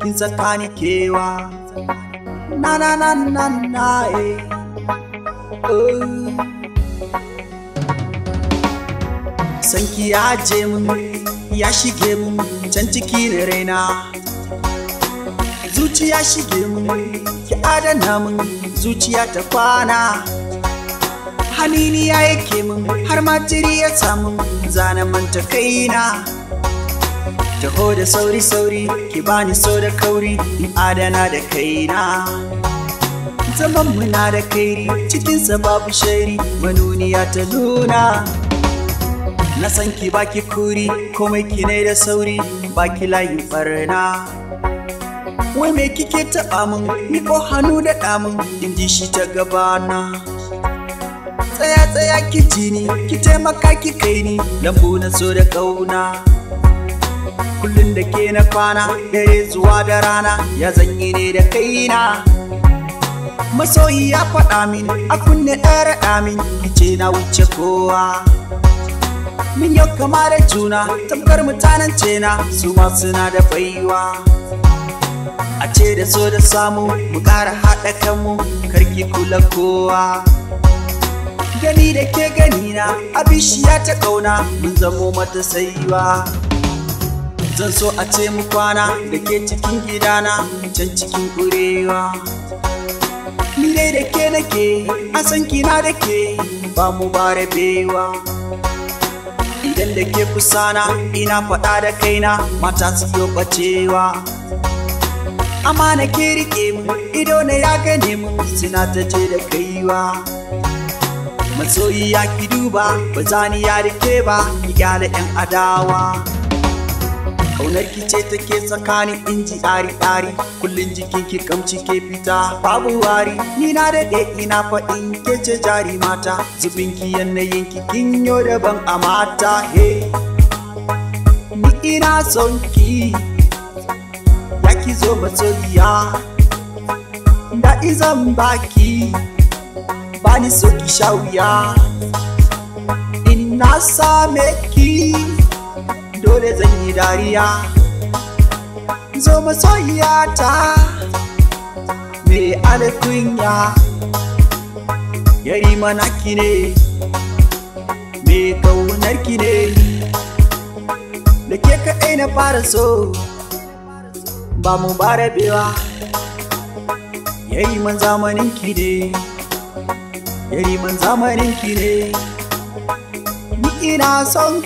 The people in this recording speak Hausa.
Kin tsakani kewa na na na na na eh. Eh. Sanki ya je mun ya shige mun can ciki na raina. Zuciya shige mun ki adana mun zuciya ta kwana. Halini ya yake mun har jiri ya samu zana manta kaina. taho da sauri sauri ki bani so da kauri in adana da kaina zaman muna da kairi cikinsa babu shairi manuniya ta nuna na san ki baki kuri komai ki ne da sauri baki layin barna wai me kike taɓa min miko hannu da ɗamin in ji shi ta gabana tsaya tsaya ki jini ki taimaka ki kai ni lambu na so da ƙauna kullum da ke na kwana dare zuwa da rana ya zanyi ne da kaina masoyi ya faɗa min a kunne ɗara ɗamin min, ce na wuce kowa min yau kama da juna tamkar mutanen na, su ma suna da baiwa a ce da so da samu mu ƙara haɗa kanmu karki kula kowa gani da ke gani na a bishiya ta ƙauna mun zamo mata saiwa zan so a ce mu kwana da ke cikin gidana can cikin kurewa ni dai da ke nake a san kina da ke ba mu ba rabewa idan da ke na, ina faɗa da kaina mata su yo bacewa amma na ke rike mu ido na ya gane mu suna ta ce da kaiwa matsoyi ya ki duba ba zani ya rike ba ki gyara yan adawa Kaunar ki ce take tsakanin inji ari ari kullun jikin ki kamci ke fita babu wari ni na daɗe ina faɗin ke ce jari mata zubin ki yanayin ki kin yo daban a mata he ni ina son ki ya ki zo masoyiya da izan baki bani so ki sha wuya ina same ki dole zan yi dariya zo masoyiyata ta me ya yari mana ki ne me kaunar ki ne da ke kaɗai na fara so ba mu ba rabewa yari man zamanin ki ne yari man zamanin ki ne ina son